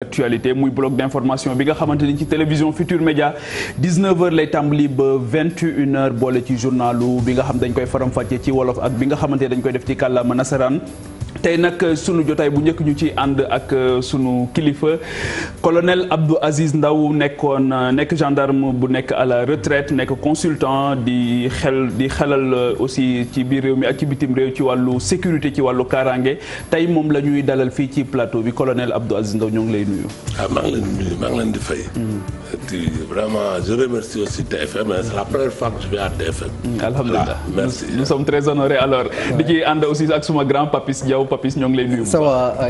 actualité muy bloc d'information bi nga xamante ni ci télévision Futur Média 19h lay tàmbali ba 21h boole ci journalu bi nga xam dañ koy faram-fàccee ci wolof ak bi nga xamante dañ koy def ci kàllaama nasaraan tey nag euh, sunu jotaay bu njëkk ñu ci ànd ak euh, sunu kilifa colonel Abdou Aziz Ndaw nekkoon euh, nekk gendarme bu nekk à la retraite nekk consultant di xel di xelal aussi ci biir réew mi ak ci bitim réew ci wàllu sécurité ci wàllu kaaraange tey moom la ñuy dalal fii ci plateau bi colonel Abdou Aziz Ndaw ñoo ngi lay nuyu. Ah, leen di fay. Mm-hmm. di remercie aussi TFM c'est la première fois que je vais à alhamdulilah merci nous sommes très alors. di ci ànd aussi ak suma grand yow Papis ñoo ngi lay nuyu. ça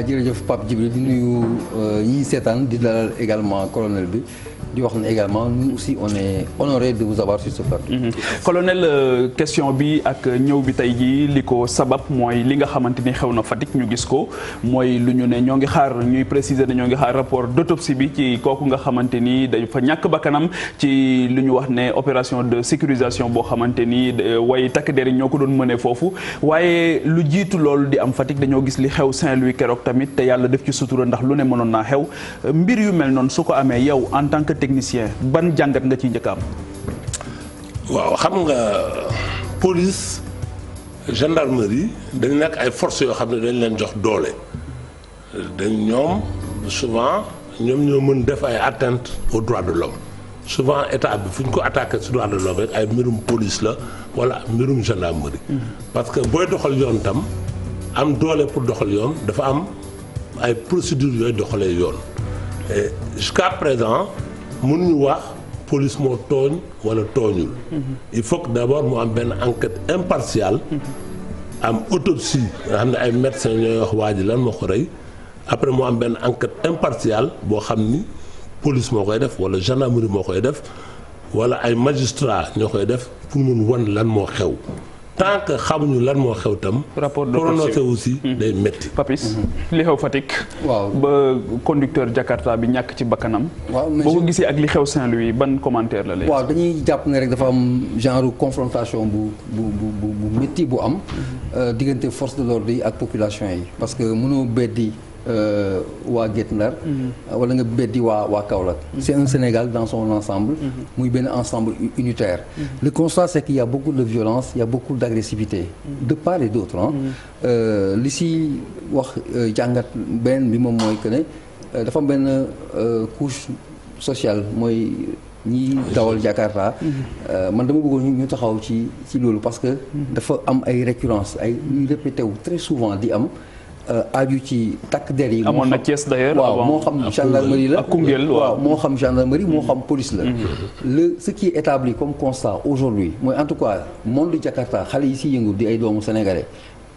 jërëjëf Pape Djibril di nuyu euh, ñiy seetaan di dalal également colonel bi. di wax ne également nous aussi on est honoré de vous avoir sur mhm. colonel euh, question bi ak ñëw bi tey jii li ko sabab mooy li nga xamante ni xew na Fatick ñu gis ko mooy lu ñu ne ñoo ngi xaar ñuy préciser ne ngi xaar rapport d'autopsie bi ci kooku nga xamante ni dañ fa ñàkk bakkanam ci lu ñu wax ne opération de sécurisation boo xamante ni way takk der ñoo ko doon mëne foofu waaye lu jiitu loolu di am Fatick dañoo gis li xew Saint-Louis keroog tamit te yàlla def ci sutura ndax lu ne mënoon naa xew technicien ban jàngat nga ciy njëkk am. waaw xam nga police gendarmerie dañ nekk ay forces yoo xam ne dañ leen jox doole dañ ñoom souvent ñoom ñoo mën def ay atteinte aux droits de l'homme souvent état bi fu ñu ko attaqué su droits de l'homme rek ay mbirum police la wala mbirum gendarmerie. Hmm. parce que booy doxal yoon tam am doole pour doxal yoon dafa am ay procédures yooyu doxalee yoon et jusqu'à présent. mënuñu wax police moo tooñ wala tooñul. il faut que d' abord mu am benn enquête impartiale. am autopsie nga xam ne ay médecins ñooy wax waa ji lan moo ko rey après mu am benn enquête impartiale boo xam ni police moo koy def wala gendarmerie moo koy def wala ay magistrats ñoo koy def pour mun wan lan moo xew. tant que xamuñu lan moo xew tam. rapport de prononcé aussi mhm. day métti. Papis li xew Fatick. waaw ba conducteur Jakarta bi ñàkk ci bakkanam. waaw boo ko gisee ak li xew Saint-Louis ban commentaire la léegi. waaw dañuy jàpp ne rek dafa am genre confrontation bu bu bu bu métti bu am mhm. euh, diggante force de l'ordre yi ak population yi parce que mënoo beddi. Euh, waa Guet Ndar mm-hmm. wala nga beddi waa waa Kaolack mm-hmm. c'est un Sénégal dans son ensemble mm-hmm. muy benn ensemble unitaire le constat c'est qu'il y a beaucoup de violence il euh, li si wax euh, jàngat benn bi moom mooy que ne dafa benn couche sociale mooy ñi dawal Jakarta man dama bëggoon ñu taxaw ci loolu parce que dafa am ay récurrence ay ñuy très souvent di am Euh, aju ci takk der yi. amoon na Thiès d'ailleurs moo xam gendarmerie la waaw moo xam gendarmerie moo xam police la. Mhm. le ce qui est établi comme constat aujourd'hui mooy en tout cas monde Jakarta xale yi si yëngu di ay doomu sénégalais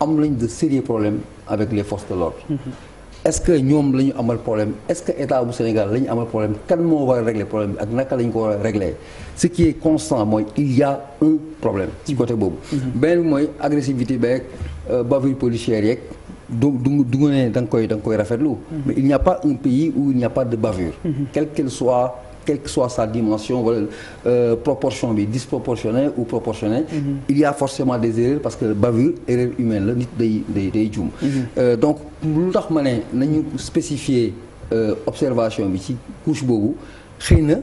am lañ de sérieux problèmes avec les forces de l'ordre mhm. est-ce que ñoom la ñu amal problème est-ce que état bu Sénégal lañu amal problème kan moo war a régler problème bi ak naka la ko war a régler ce qui est constant mooy il y a un problème ci côté boobu mhm. beneen bi mooy agressivité beeg euh, bavure policière yeeg donc du du nga ne da nga koy da nga koy rafetlu. Mhm. mais il n'y a pas un pays où il n'y a pas de bavure. Mhm. quelle que soit sa dimension euh, proportion bi disproportionnée ou proportionnée. Mhm. il y a forcément des erreurs parce que bavure erreur humaine la nit day day day euh, donc lu tax ma ne nañu spécifier euh, observation bi ci couche boobu xëy na.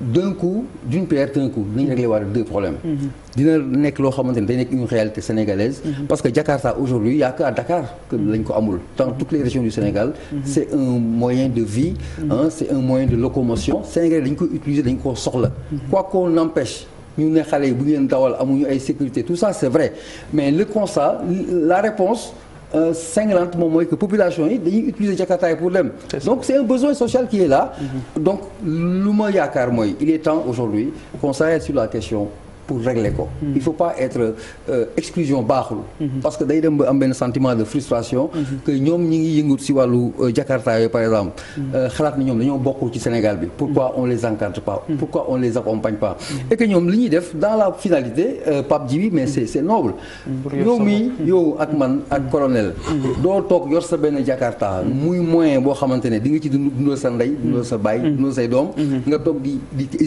d'un coup d'une pierre d'un coup nañu réglé waa deux problèmes mhm. dina nekk loo xamante ne day nekk une réalité sénégalaise mhm. parce que Jakarta aujourd'hui y a que à Dakar que mhm. lañ ko amul dans toutes les régions du Sénégal c'est un moyen de vie hein, c'est un moyen de locomotion sénégalais dañ ko utiliser dañ ko soxla quoi qu'on empêche ñu ne xale yi bu ngeen dawal amuñu ay sécurité tout ça c'est vrai mais le constat la réponse Euh, cinglante moom mooy que population yi dañuy utiliser jakartaay pour dem donc c'est un besoin social qui est là mm-hmm. donc lu ma yaakaar mooy il est temps aujourd'hui qu'on s'arrête sur la question pour régler ko. il faut pas être euh, exclusion baaxul. parce que day dem ba am benn sentiment de frustration. que ñoom ñi ngi yëngut si wàllu euh, Jakarta yooyu par exemple. Euh, xalaat ni ñoom dañoo bokkul ci Sénégal bi. pourquoi on les encadre pas. pourquoi on les accompagne pas. et que ñoom li ñuy def dans la finalité Pape Djibi mais c'est c'est yow mii yow ak man ak colonel. doo toog yor sa benn Jakarta muy moyen boo xamante ne di nga ci dundal sa ndey. dundal sa baay dundal doom. nga toog di di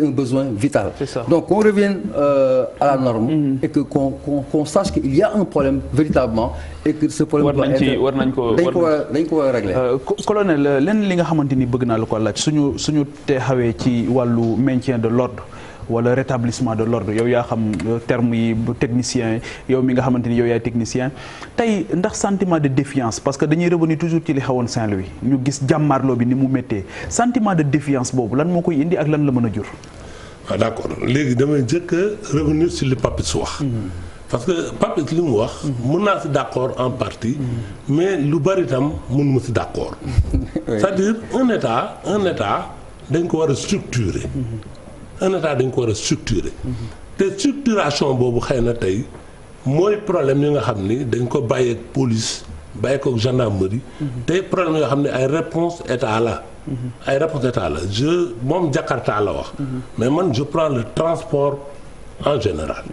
c'est un besoin vital. C'est ça. Donc qu'on revienne euh, à la norme. Mhm. et qu'on qu'on qu'il y a un problème véritablement et que ce problème. war nañ ko dañ ko dañ ko war a régler. Euh, colonel lenn li nga xamante ni bëgg naa la ko laaj suñu suñu te xawee ci wàllu maintien de l'ordre wala rétablissement de l'ordre yow yaa xam euh, terme yi bu technicien yow mi nga xamante ni yow yaay technicien tey ndax sentiment de défiance parce que dañuy revenir toujours ci li xewoon Saint-Louis ñu gis jàmmaarloo bi ni mu méttee sentiment de défiance boobu lan moo koy indi ak lan la mën a jur waaw ah, léegi damay jëkk a revenir sur li Papis wax mm-hmm. parce que Papis li mu wax mm-hmm. mën naa si d'accord en partie mm-hmm. mais lu bari itam mën ma si d'accord c'est-à-dire un état un état dañ ko war a structurer un état dañ ko war a structurer. te structuration boobu xëy na tey mooy problème yi nga xam ni dañ ko bàyyeeg police bàyyi ko gendarmerie. te problème yoo xam ne ay réponse état la. ay réponse état la moom Jakarta la wax. mais man je prends le transport en général.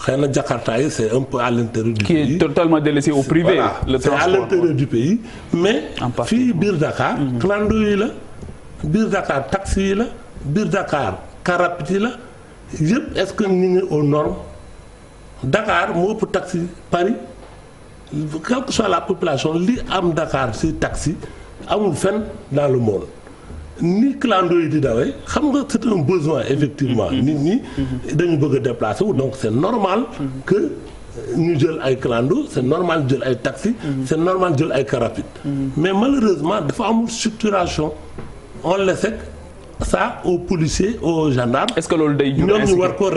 xëy na Jakarta yi c' est un peu à l' intérieur du pays. mais fii biir Dakar. clando yi la biir Dakar taxi yi la biir Dakar. car rapide la yëpp est-ce que ñu ngi au normes dakaar moo ëpp taxi Paris quelle que soit la population li am dakaar ci taksi amul fenn dans le monde ni clando yi di dawee xam nga c'est un besoin effectivement. Mm-hmm. nit ñi mm-hmm. dañu bëgg a déplacer wu donc c'est normal. Mm-hmm. que ñu jël ay clando c'est normal jël ay taxi. c'est normal jël ay car mais malheureusement dafa amul structuration on le ça aux policiers aux gendarmes. est-ce que loolu day jur ñoom ko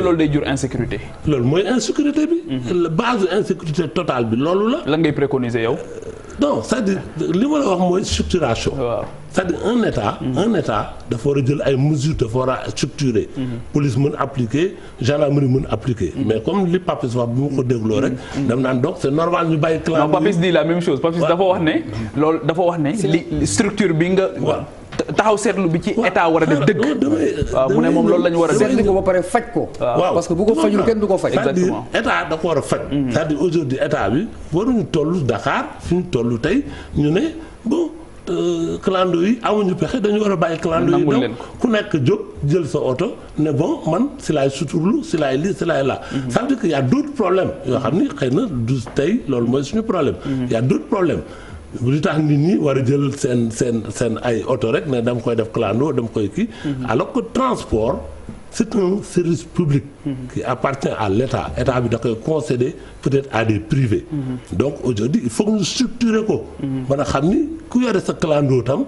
loolu day jur insécurité. loolu mooy insécurité bi. Mhm. la base insécurité totale bi loolu la. lan ngay préconiser yow. Euh, non cest dire li ma la wax mooy structuration. waaw dire un état. Mhm. un état dafa war a jël ay mesures dafa war a structurer. Mhm. police mën appliquer gendarmerie mën appliquer. mais comme li Papis wax bu ma ko dégloo rek. dam naan donc c'est normal ñu bàyyi. clavier Papis dit la même chose dafa wax ne. loolu dafa wax ne structure bi taxaw seetlu bi ci état war a def dëgg. waaw mu ne moom loolu la ñu war a dee seetlu ko ba pare faj ko. waaw parce que bu ko fajul kenn du ko faj. exactement c'est-à-dire état da ko war a faj. Mhm. c'est-à-dire aujourd'hui état bi waruñu toll Dakar fi ñu tey ñu ne bon. Euh, clando yi pexe dañu war a bàyyi clando yi donc ku nekk jóg jël sa oto ne bon man si laay suturlu si laay lii si laay laa ça mhm. veut dire que y a yoo xam ni xëy na du tey loolu mooy suñu problème mhm. y a d'autres problèmes lu tax nit ñi war a jël seen seen seen ay oto rek ne dama koy def clando dama koy kii. Mhm. alors que transport c'est un service public. Mhm. qui appartient à l'État État bi da koy concéder peut-être à des privés. Mhm. donc aujourd'hui il faut que structurer ko. mën a xam ni ku yore sa clando tam.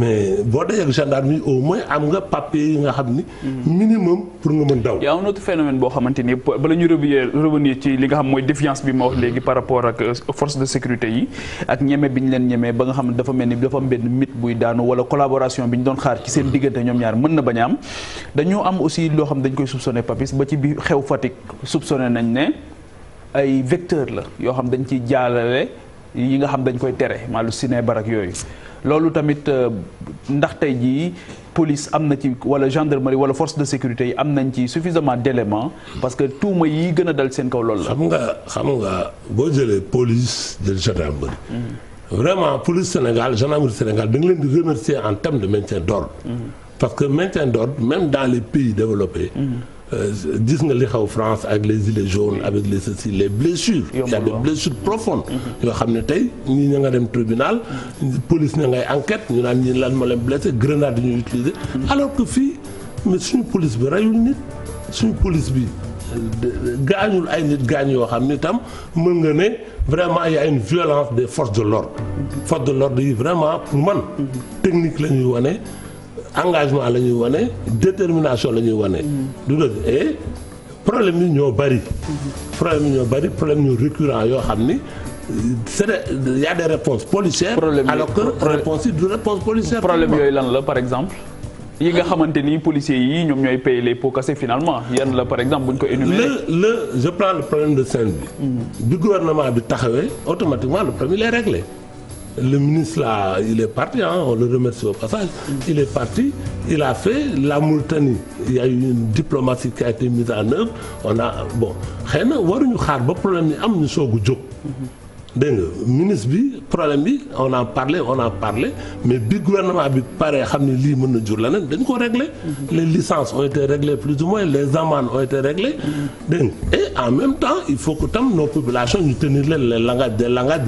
mais boo dajee ak gendarme yi au moins am nga papier yi nga xam ni. minimum pour nga mën daw. y a un autre boo xamante ni bala ñu revenir ci li nga xam mooy défiance bi ma wax léegi par rapport ak euh, force de sécurité yi ak ñeme bi ñu leen ñeme ba nga xam ne dafa mel ni dafa am benn mythe buy daanu wala collaboration bi ñu doon xaar ci seen diggante ñoom ñaar mën na bañ a dañu am aussi loo xam dañ koy soupçonné papis ba ci bi xew Fatick soupçonné nañ ne ay vecteur la yoo xam dañ ciy jaalale. yi nga xam dañ koy tere maa lu ciné barak yooyu loolu tamit euh, ndax tey jii police am na ci wala gendarmerie wala force de sécurité yi am nañ ci suffisamment d'éléments parce que tuuma yi gën a dal seen kaw loolu la. xam nga xam nga boo jëlee police jël gendarmerie. vraiment police Sénégal gendarmerie Sénégal da nga leen di remercier en termes de maintien d'ordre. Mm-hmm. parce que maintien d'ordre même dans les pays développés. Mm-hmm. Euh, gis nga li xaw France ak les gilets jaunes avec les ceci les blessures il y a des blessures profondes mhm. yoo xam ne tey ñii ña nga dem tribunal police ña ngay enquête ñu naan ñi lan ma leen blessé grenade ñu utiliser mhm. alors que fii mais suñu police bi reyul nit suñu police bi gaañul ay nit gaañ yoo xam ni tam mën nga ne vraiment y a une violence des forces de l'ordre mhm. forces de l'ordre yi vraiment pour man technique la ñuy wane engagement la ñuy wane détermination la ñuy wane. Mm. du dëgg et problème yi ñoo bari. Mm-hmm. problème yi ñoo bari problème ñu récurrent yoo xam ni. c'est il y a des réponses policières. problème alors que réponse yi du lan la par exemple. yi nga xamante ni policiers yi ñoom ñooy payer les pots finalement yan la par exemple bu ko énuméré. le le je prends le problème de Saint-Louis. Mm. bi gouvernement bi taxawee automatiquement le problème il est réglé. le ministre là, il est parti, hein, on le remercie au passage, il est parti, il a fait la Mauritanie. Il y a une diplomatie qui été mise en œuvre. On a, bon, xëy na waruñu xaar ba problème yi am ñu soog jóg. dégg nga ministre bi problème bi on en parlé on en parlé mais bi gouvernement bi pare xam ne lii mën na jur leneen dañ ko réglé. les licences ont été réglées plus ou moins les amendes ont été réglées. dégg nga en même temps il faut que tam nos populations ñu tenir leen les langages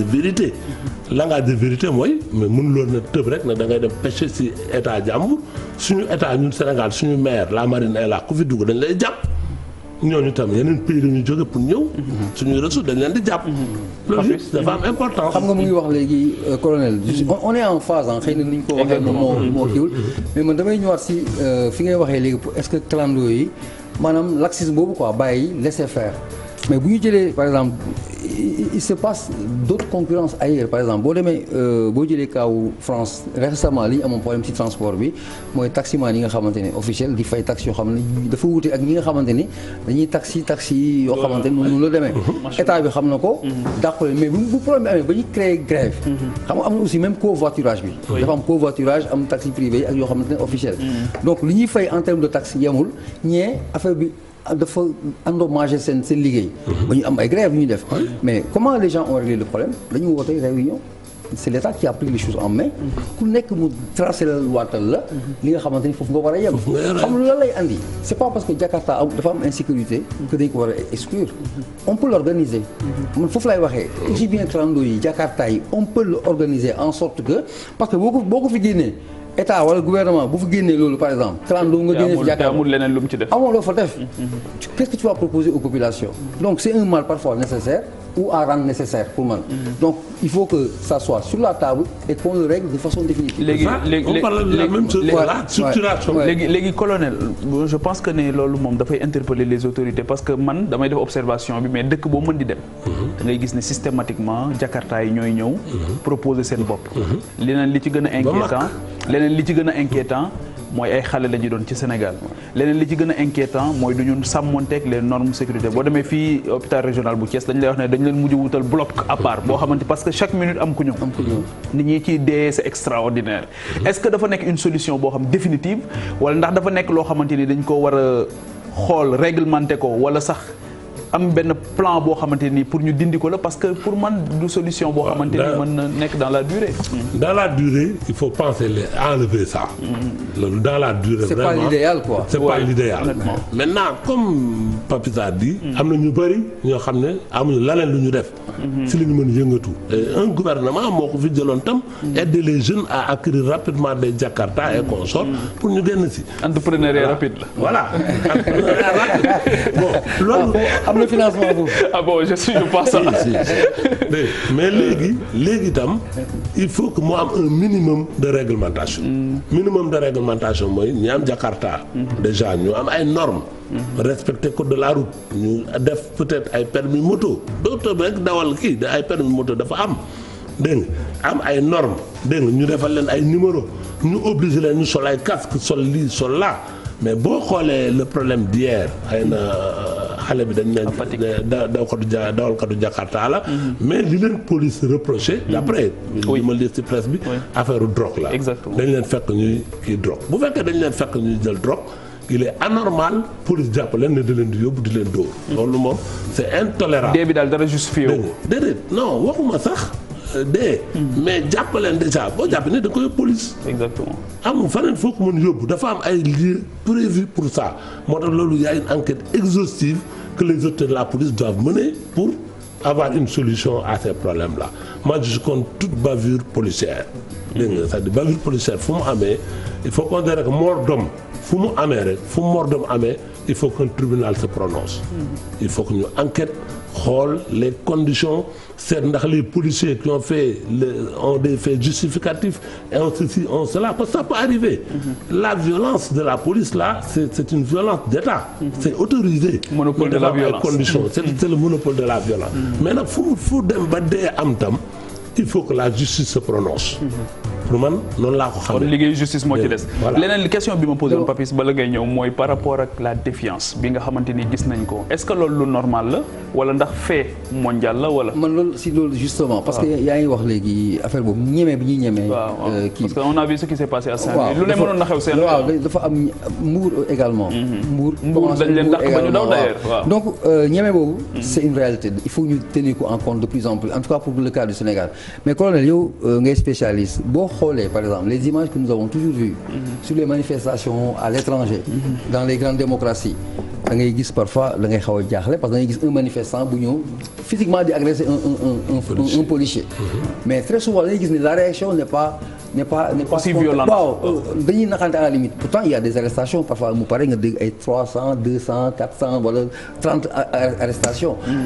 langage de vérité mooy mais mënuloon na tëb rek ne da ngay dem pêche ci état jàmbur suñu état ñun Sénégal suñu maire la marine est là ku fi dugg dañ lay jàpp ñooñu tam yeneen pays la ñu jóge pour ñëw. suñuy ressources dañ leen di jàpp. loolu dafa am importance. xam nga mu ngi wax léegi euh, colonel. on est en phase ah xëy na ni ñu ko waxee. moo moo kiiwul mm-hmm. mais man damay ñëwaat si euh, fi ngay waxee léegi est-ce que clando yi maanaam laxisme boobu quoi bàyyi laisser mais bu ñu jëlee par exemple il se passe d'autres concurrences ailleurs par exemple boo demee euh, boo jëlee kaaw France récemment li ñu amoon problème ci transport bi mooy taximan yi nga xamante ne officiel di fay taxe yoo xam ne dafa wuute ak ñi nga xamante ni dañuy taxi taxi yoo xamante ni noonu la demee mmh. état bi xam na ko mmh. dàqule mais bu problème bi amee ba ñu créé grève mmh. xam nga am na aussi même covoiturage bi dafa am covoiturage am taxi privé ak yoo xamante ne officiel donc li ñuy fay en terme de taxe yemul ñee affaire bi dafa endommagé seen seen liggéey. Mhm. mais comment les gens ont réglé le problème dañu woote réunion. c' est qui a pris les en main. Mhm. ku nekk mu tracé la waatal la. Mhm. li nga xamante ni foofu nga war a yem. xam nga pas parce que Jakarta am dafa am insécurité. que dañ ko war a exclure. on peut l' organiser. bien clando yi Jakarta yi on peut le en sorte que parce que boo ko état wala gouvernement bu fa génnee loolu par exemple. clando nga génne fi jàkkaarloo amul leneen lu mu ci def. amoo loo fa def. qu'est-ce que tu vas proposer aux populations. donc c'est un mal parfois nécessaire ou à rendre nécessaire pour man. Mm-hmm. donc il faut que ça soit sur la table et qu'on le règle de façon définitive. léegi léegi colonel je pense que ne loolu moom dafay interpeller les autorités parce que man damay def observation bi mais dëkk boo mën di dem. Mm-hmm. ngay gis ne systématiquement jakarta yi ñooy ñëw. Mm-hmm. proposer seen bopp. leneen li ci gën a inquiétant leneen li ci gën a inquiétant mooy ay xale la ñu doon ci Sénégal leneen li ci gën a inquiétant mooy du ñu sàmmonteeg les normes sécurité boo demee fii hôpital régional bu Thiès dañ lay wax ne dañ leen mujj wutal bloc à part boo xamante parce que chaque minute am ku ñëw am ku nit ñi ciy dee c'est extraordinaire est-ce que dafa nekk une solution boo xam définitive wala ndax dafa nekk loo xamante ni dañ ko war a xool réglementé ko wala sax am benn plan boo xamante ni pour ñu dindi ko la parce que pour man du solution boo ah, xamante ni mën na nekk dans la durée dans la durée il faut penser les enlever ça loolu dans la durée c'est pas l'idéal quoi c'est pas l'idéal maintenant comme Papita dit mm. am na ñu bëri ñoo xam ne amuñu laleen lu ñu def mm-hmm. si lu ñu mën yëngatu un gouvernement moo ko fi jëloon tam mm-hmm. aider les jeunes à acquérir rapidement des Jakarta et consorts mm-hmm. pour ñu génn si entrepreneuriat rapide la voilà entrepreneuriat rapide le financement boobu. ah bon je mais léegi léegi tam il faut que mu am un minimum de réglementation. Mm. minimum de réglementation mooy ñi am Jakarta. Mm-hmm. déjà ñu am ay normes. Mm-hmm. respecter code de la route. ñu def peut-être ay permis moto dootoo rek dawal kii ay permis moto dafa am. dégg am ay normes dégg nga ñu defal leen ay numéro ñu obligé leen ñu sol ay casque sol lii sol laa mais boo xoolee le problème d'hier ay na xale bi dañ ne dawkatu ja dawalkatu Jakarta la mm-hmm. mais li leen police reproché mm-hmm. d'après li ma lire ci presse bi affaire drogue la dañ leen fekk ñuy kii drogue bu fekkee dañ leen fekk ñuy jël drogue il est anormal police jàpp leen ne di leen di yóbbu di leen dóor mm-hmm. loolu moom c'est intolérable dee bi daal dara justifié wu déedéet non waxuma sax de mais jàppaleen leen déjà boo jàpp ne da nga koy police. exactement amul faneen foo ko mën yóbbu dafa am ay lieux prévus pour ça moo tax loolu y a une enquête exhaustive que les autorités la police doivent mener pour avoir une solution à ces problèmes là moi je compte toute bavure policière. dégg nga c'est-à-dire bavure fu mu amee il faut qu'on dirait que fu mu amee rek fu mort doom amee il faut qu'un tribunal se prononce. il faut que ñu enquête. xool les conditions seet ndax les policiers qui ont fait le ont des faits justificatifs et en ceci en cela parce que ça peut arriver. Mhm. la violence de la police là c'est une violence d'État. Mhm. c'est autorisé. monopole de la violence conditions mhm. c'est le monopole de la violence. mais nag fu fu dem ba dee am tam il faut que la justice se prononce. pour man noonu laa ko xam. kon liggéey justice moo ci des. leneen question bi ma posé woon Papis bala ngay ñëw mooy par rapport ak la défiance bi nga xamante ni gis nañ ko est-ce que loolu lu normal la wala ndax fait mondial la wala. man loolu si loolu justement parce que ah. yaa ngi wax léegi affaire boobu ñeme bi ñuy ñeme. Euh, kii parce que on a vu ce qui s'est passé à Saint-Louis. lu ne mënoon na xew seen. waaw dafa am Mbour également. Mhm. Mbour Mbour dañ leen dàq ba ñu daw d'ailleurs donc euh, ñeme boobu. Mhm. c'est une réalité il faut ñu tenir ko en compte de plus en plus en tout cas pour le cas du Sénégal mais colonel yow euh, ngay spécialiste boo xoolee par exemple les images que nous avons toujours vues mhm. sur les manifestations à l'étranger mhm. dans les grandes démocraties da ngay gis parfois da ngay xaw a jaaxle parce que physiquement di agresser un policier mhm. mais très souvent la réaction n'est pas n'est pas n'est pas aussi violente waaw euh, dañuy naxante à la limite pourtant il a des arrestations parfois mu pare nga dégg ay 300 200 mm.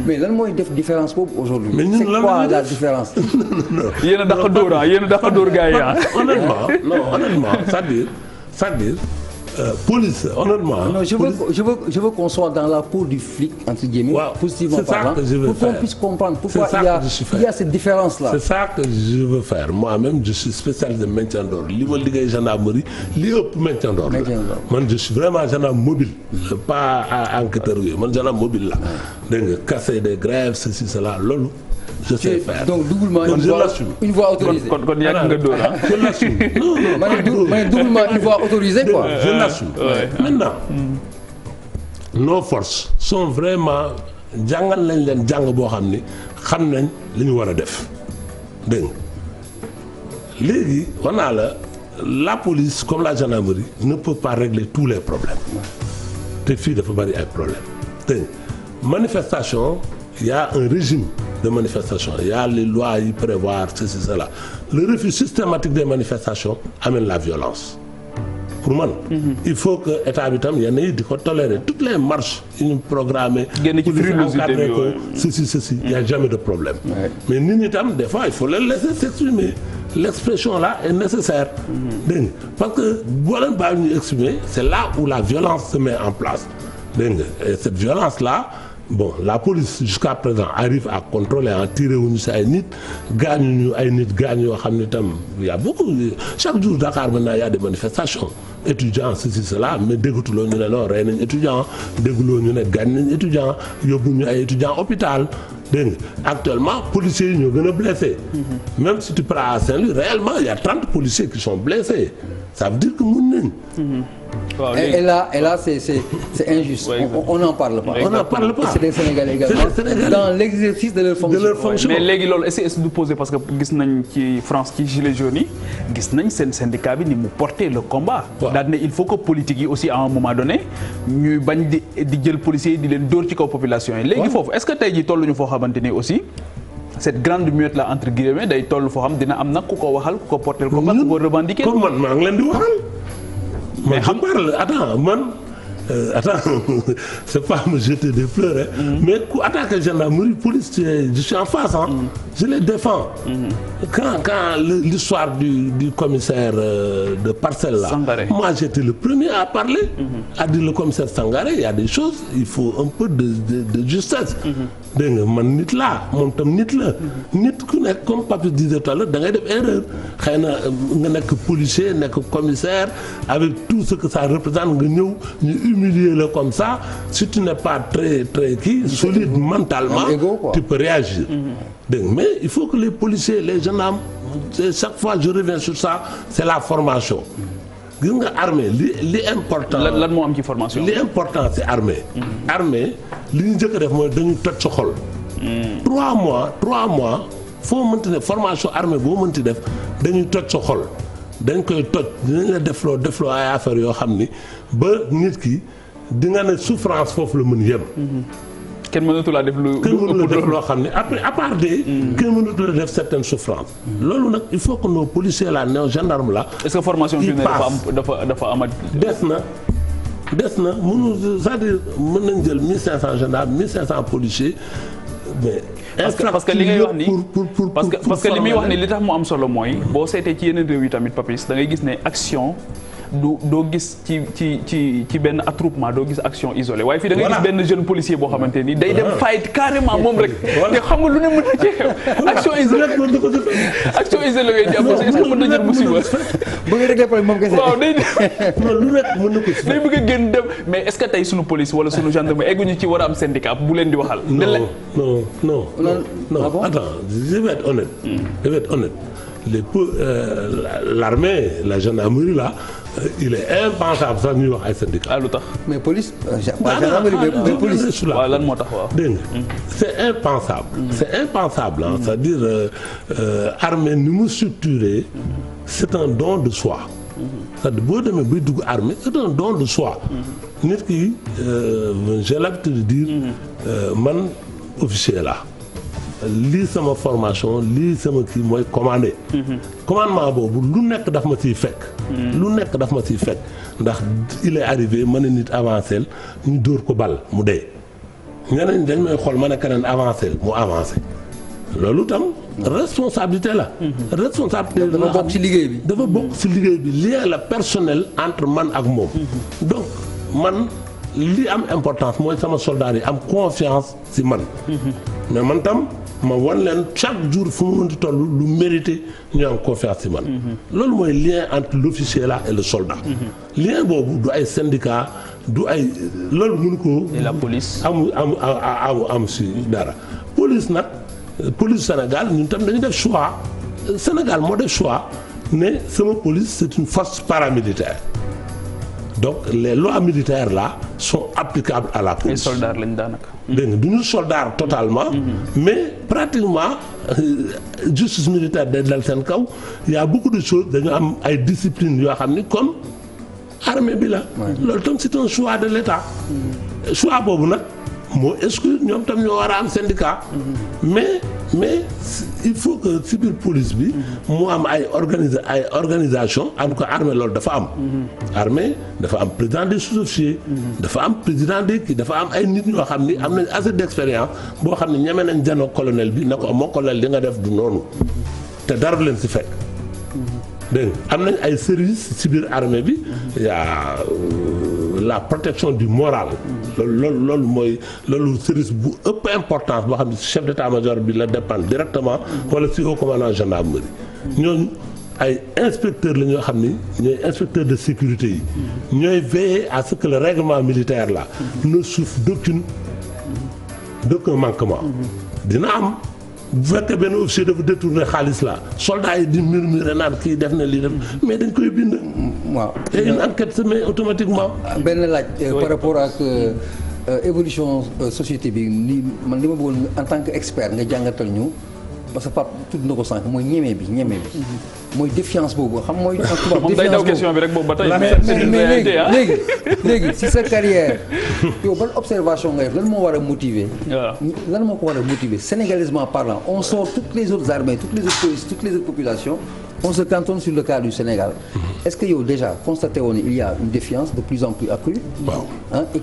mais lan mooy def différence boobu aujourd'hui c'est quoi la différence yéen a dàq dóor ah yéen a dàq dóor gars yi ah honnêtement non honnêtement c'est-à-dire cest à Euh, police honnêtement. non je veux qu'on soit dans la peau du flic entre guillemets. waaw positivement parlant pour qu'on puisse comprendre pourquoi il y a a cette différence là. c'est ça que je veux faire moi-même je suis spécialisé maintien d'ordre li ma liggéey gendarmerie li ëpp d'ordre la man je suis vraiment gendarme mobile. pas enquêteur yooyu man gendarme mobile la. dégg casser des grèves ceci cela loolu. je sais faire donc doublement une voix une voix autorisée kon kon yàgg nga dóor ah. je euh, vraiment jàngal lañ leen jàng boo xam ni xam nañ li ñu war a def dégg nga léegi wax naa la la police comme la gendarmerie ne peut pas régler tous les problèmes te fii dafa bari ay problème dégg nga manifestation un régime. de manifestation il y a les lois yi prévoir ceci cela le refus systématique des manifestations amène la violence pour man. Mhm. il faut que état bi tam yenn yi di ko tolérer toutes les marches yi ñu programmé. génn ci ceci ceci. y' mhm. jamais de problème. mais ni ñi tam des fois il faut leen laisser s'exprimer l' expression est nécessaire. Mhm. dégg nga parce que boo leen bàyyi ñu exprimer c' est là la violence se met en place dégg nga et cette violence là. bon la police jusqu'à présent arrive à contrôler en tiré wuñu si ay nit gaañu ñu ay nit gaañ yoo xam ne tam y' a beaucoup chaque jour Dakar maintenant y' a des manifestations étudiants ceci cela mais déggatuloo ñu ne non rey nañ étudiant dégguloo ñu ne gaañ nañ étudiant yóbbu ñu ay étudiant hôpital dégg nga actuellement policiers yi ñoo gën a mm-hmm. même si tu prends à Saint-Louis réellement y' a trente policiers qui sont blessés ça veut mun nañ mm-hmm. waaw léegi et là on n'en parle pas. on n'en parle pas. dans l' exercice de leur fonction. mais léegi loolu est du posé parce que gis nañ ci France ci gilet jaune gis nañ seen syndicat bi ni mu porté le combat. waaw daal ne il faut que politique yi aussi à un moment donné ñuy bañ di jël policiers yi di leen dóor ci kaw population yi. léegi foofu est ce que tey jii tolluñu foo xamante ni aussi. cette grande muette là entre guillemets day toll foo am dina am nag ku ko waxal ku ko mais xam nga attends man. Euh, attends c'est pas me jeter des fleurs hein. Mm-hmm. mais ku attaqué gendarmerie police je suis en face mm-hmm. je les défends. Mm-hmm. quand quand l'histoire du commissaire euh, de parcelle la Sangaré moi j'étais le premier à parler. à dire le commissaire Sangaré il y a des il faut un peu de de de justesse. dégg nga man nit laa moom tam nit la. nit ku nekk comme Papy disait tout à def erreur xëy na euh, nga nekk policier nekk commissaire avec tout ce que ça représente nga ñëw humilier la comme ça si tu n'es pas très très kii solide mentalement tu peux réagir mm-hmm. dégg mais il faut que les policiers les gendarmes chaque fois je reviens sur ça c'est la formation gis nga armée li li important lan moo am ci formation li important c'est armée mm-hmm. armée li ñu njëkk def mooy dañu toj sa xol mm. trois mois trois mois foo mënti ne formation armée boo mënti def dañuy toj sa xol dañ koy toj dinañ la defloo defloo ay affaire yoo xam ni ba nit ki di nga ne souffrance foofu la mën yem. kenn mënatu la def lu loo xam ne après à part de. Mm. kenn mënatu la def certaines souffrances. loolu nag il faut que nos policiers là nos gendarmes là. est-ce que formation bi dafa am dafa des na des na mënu c'est-à-dire mën nañ jël 1500 gendarmes 1500 policiers. parce que parce li ngay wax ni parce que parce que li wax ni li tax mu am solo mooy boo seetee ci yeneen réew yi tamit papis da ngay gis ne action du doo gis ci ci ci ci benn attroupement doo gis action isolée waaye fii da nga benn jeune policier boo xamante ni day dem fight carrément moom rek te xam nga lu ne mën na jeexew action isolée action isolée ngay jàpp est-ce que mën na jël day lu day bëgg a génn dem mais est-ce que tey sunu police wala sunu gendarmerie egguñu ci war a am syndicat bu leen di waxal non non non non ah attends je vais être honnête hmm. je vais être honnête les euh, l'armée la gendarmerie là Euh, il est impensable sax ñuy wax ay syndicat. Ah, lu tax mais police. Euh, ah, mais police waaw lan moo tax waaw. dégg nga c' est impensable. Mm. c' est impensable ah c' est ni mu structuré c' est un don de soi. c' boo demee buy dugg armée c' est un don de mm-hmm. nit ki j' ai l' de dire mm-hmm. euh, man officier la lii sama formation lii sama kii mooy commandé. Mhm. commandement boobu lu nekk daf ma ciy fekk. Mhm. lu nekk daf ma ciy fekk ndax il est arrivé ma ne nit avancé ñu dóor ko bal mu dee. ñeneen dañ may xool ma ne keneen avancé mu avancé loolu tam responsabilité la. Mhm. responsabilité dafa bokk ci liggéey bi. dafa bokk ci liggéey bi lien la personnel entre man ak moom. donc man. li am importance mooy sama soldat yi am confiance ci man mais man tam ma wan leen chaque jour fu mu mën di toll lu mérité ñu am confiance man. loolu mooy lien entre l'officier là et le soldat. lien boobu du ay syndicat du ay loolu mënu ko. la police amu amu amu amu ci dara. police nag police Sénégal ñun tam dañu def choix Sénégal moo def choix ne sama police c'est une force paramilitaire. donc les lois militaires là sont applicables à la police. ay soldats lañ daanaka. dégg nga du ñu soldat totalement. Mm-hmm. Mm-hmm. mais pratiquement euh, justice militaire day dal seen kaw y a beaucoup de dañu am ay disciplines yoo xam ni comme armée bi la. loolu tam c'est un choix de l'État. Mm-hmm. choix boobu nag moo est-ce que ñoom tam ñoo war a am syndicat. mais mais il faut que biir police bi. mu am ay organis ay organisation am tout cas armée loolu dafa am. armée dafa am président des sous-officiers. dafa am président de kii dafa am ay nit ñoo xam ni am nañ assez d'expérience boo xam ne ñeme nañ jano colonel bi na ko moo colonel li nga def du noonu. te dara leen si fekk. dégg am nañ ay services ci biir armée bi yaa. la protection du moral. loolu loolu mooy loolu service bu ëpp importance boo xam ne chef d'état-major bi la dépendre directement. wala si haut commandant gendarmerie. ñooñu ay inspecteurs la ñoo xam ni ñooy inspecteurs de sécurité yi. ñooy veiller à ce que règlement militaire la ne souffre d'aucune d'aucun manquement. dina am. bu fekkee benn officier dafa détourné xaalis la soldat yi di murmuré naan kii def na lii def mais dañ koy bind. waaw te une enquête se met automatiquement. benn laaj euh, par rapport ak. Euh, euh, évolution société bi ni man li ma bëggoon en tant que expert nga jàngatal ñu. parce que Pape tudd na ko sànq mooy ñeme bi ñeme bi. mooy défiance boobu xam mooy. tubaab défiance boobu question bi rek boobu la tey mais mais léegi léegi war a motiver. lan moo ko war a motiver sénégalaisement parlant on sort toutes les autres armées toutes les polices toutes les populations. on se cantonne sur le cas du Sénégal mhm. est-ce que yow déjà constaté woon il a une défiance de plus en plus accrue. et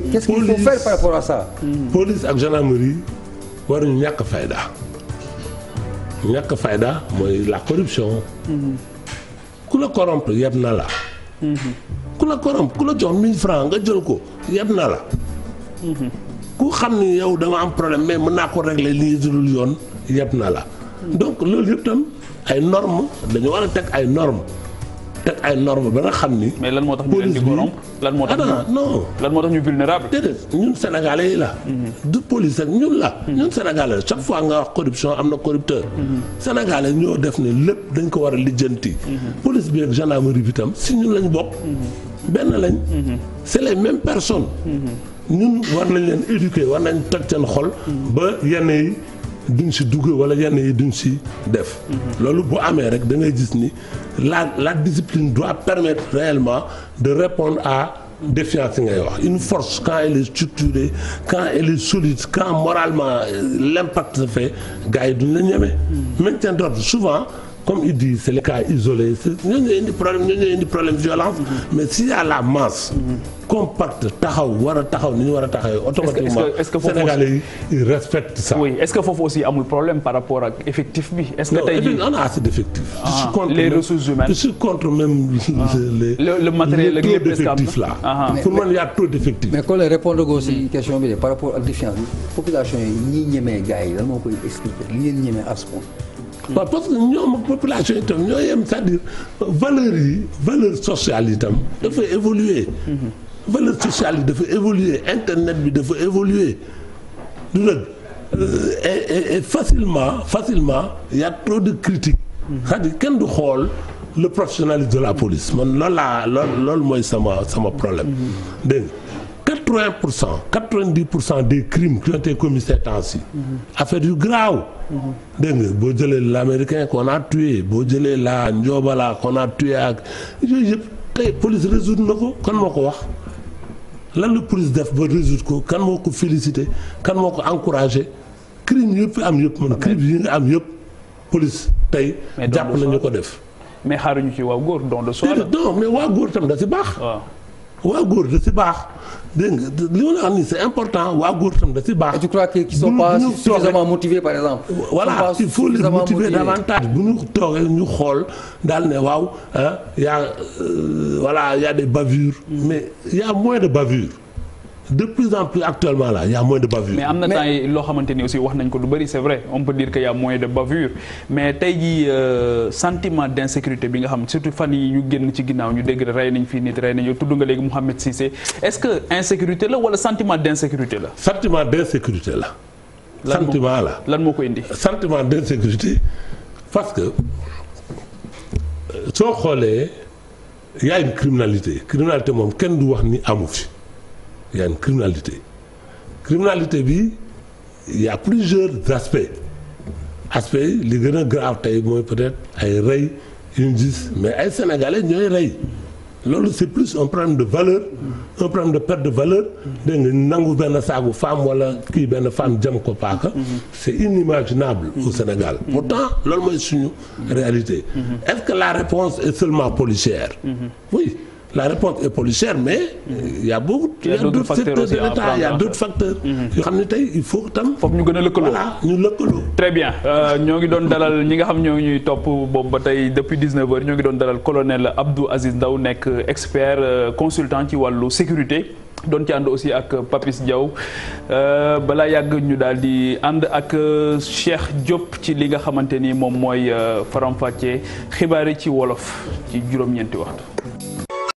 qu'est-ce qu'il faut faire par rapport à ça. police ak gendarmerie. waruñu ñàkk fayda ñàkk fayda mooy la corruption. Mm-hmm. ku la corrompre yeb na la. Mm-hmm. ku la corrompre ku la jox 1000 francs nga jël ko yeb na la. Mm-hmm. ku xam ni yow dama am problème mais mën naa ko régler lii dul yoon yeb na la. donc loolu yëpp tam ay normes dañu war a teg ay normes. teg ay normes ba nga xam ni. mais lan moo tax ñu leen ah, non lan ñun sénégalais yi la. Mhm. du police ak ñun la. Mhm. ñun sénégalais chaque fois nga wax corruption am na corrupteur. Mhm. sénégalais ñoo def ne lépp dañ ko war a lijjanti. police bi ak gendarmerie bi tam si ñun lañ bokk. benn lañ. c'est les mêmes personnes. ñun war nañ leen éduquer war nañ toj seen xol. ba yenn yi. duñ si dugg wala yenn yi duñ si def. loolu bu amee rek da ngay gis ni la la discipline doit permettre réellement de répondre à. défiance ngay wax une force quand elle est structurée quand elle est solide quand moralement euh, l'impact se fait gars yi duñ la ñeme. maintien d'ordre souvent. comme il dit c'est les cas isolés ñoo ñu indi problème ñoo ñu indi problème violence mm-hmm. mais s'il y la masse compacte mm-hmm. taxaw war a taxaw ni ñu war a taxawee automatiquement Sénégalais yi respectent ça oui est-ce que foofu aussi amul problème par rapport ak effectif bi est-ce que a assez d'effectif ah, je suis contre ah. le matériel le taux d'effectif là ah, pour man y d'effectif mais quand le répondre aussi question bi de par rapport ak défiance bi yi ñi ñemee gars moo koy expliquer li leen ñemee waaw parce que ñoom ak population itam ñoo yem c'est-à-dire valeurs yi valeur sociale itam dafa évoluer mm-hmm. valeur sociale yi dafa évoluer internet bi dafa évoluer du dëgg euh, et facilement facilement y a trop de critiques mm-hmm. cest à kenn du xool le professionnalisme de la police man loolu laa loolu mooy sama sama problème mm-hmm. dégg 80 pour cent 90 pour cent des crimes qui ont été commis ces temps-ci. affaire yu graaw. dégg nga boo jëlee l'américain qu'on a tué boo jëlee la Ndiobala qu'on a ak yooyu yëpp tey police résoudre na ko kan moo ko wax. lan la police def ba résoudre ko kan moo ko félicité kan moo ko encouragé crime yëpp am yëpp man crime yi nga am yëpp police tey. jàpp nañu ko def. mais xaaruñu ci waa góor don de soi non tam da si baax. Ah. waa góor da si baax dégg nga li ma la nii c'est important waa góor tam da si baax. je crois suffisamment motivés par exemple. voilà il faut les motiver davantage. bu ñu toogee ñu xool daal ne waaw ah y a euh, voilà y a des bavures. Mm. mais y a moins de bavures. de plus en plus actuellement là y' a moins de bavure. mais am na temps yi loo xamante ni aussi wax nañ ko lu bëri c' vrai on peut dire que y' a de bavure mais tey jii euh, sentiment d' insécurité bi nga xam surtout fan yi ñu génn ci ginnaaw ñu dégg rey nañ fii nit rey nañu tudd nga léegi Mouhamed Cissé est ce que insécurité la wala sentiment d' la. sentiment d' insécurité la. lan moo ko indi. sentiment d' insécurité parce que euh, soo xoolee y' a une criminalité kenn du wax ni amu fi. il y a criminalité criminalité bi il y a plusieurs aspects aspects li gën a grave tey mooy peut-être ay rey yuñ gis mais ay sénégalais ñooy rey loolu c'est plus un problème de valeur en problème de perte de valeur dégg nga nangu benn saagu femme wala kii benn femme jam ko paaka c'est inimaginable au Sénégal pourtant loolu mooy suñu réalité est-ce que la réponse est seulement policière oui la réponse est policière mais. Euh, il y a beaucoup il a d'autres mhm. xam ne tey il tam. foofu ñu gën a lëkkaloo voilà très bien euh, ñoo ngi doon dalal ñi nga xam ñoo ngi ñuy topp boobu ba tey depuis 19h ñoo ngi doon dalal colonel Abdou Aziz Ndao nekk expert euh, consultant ci wàllu sécurité. doon ci ànd aussi ak Papis Diaw balaa yàgg ñu daal di ànd ak Cheikh Diop ci li nga xamante ni moom mooy faram-fàccee xibaar yi ci wolof ci juróom-ñeenti waxtu.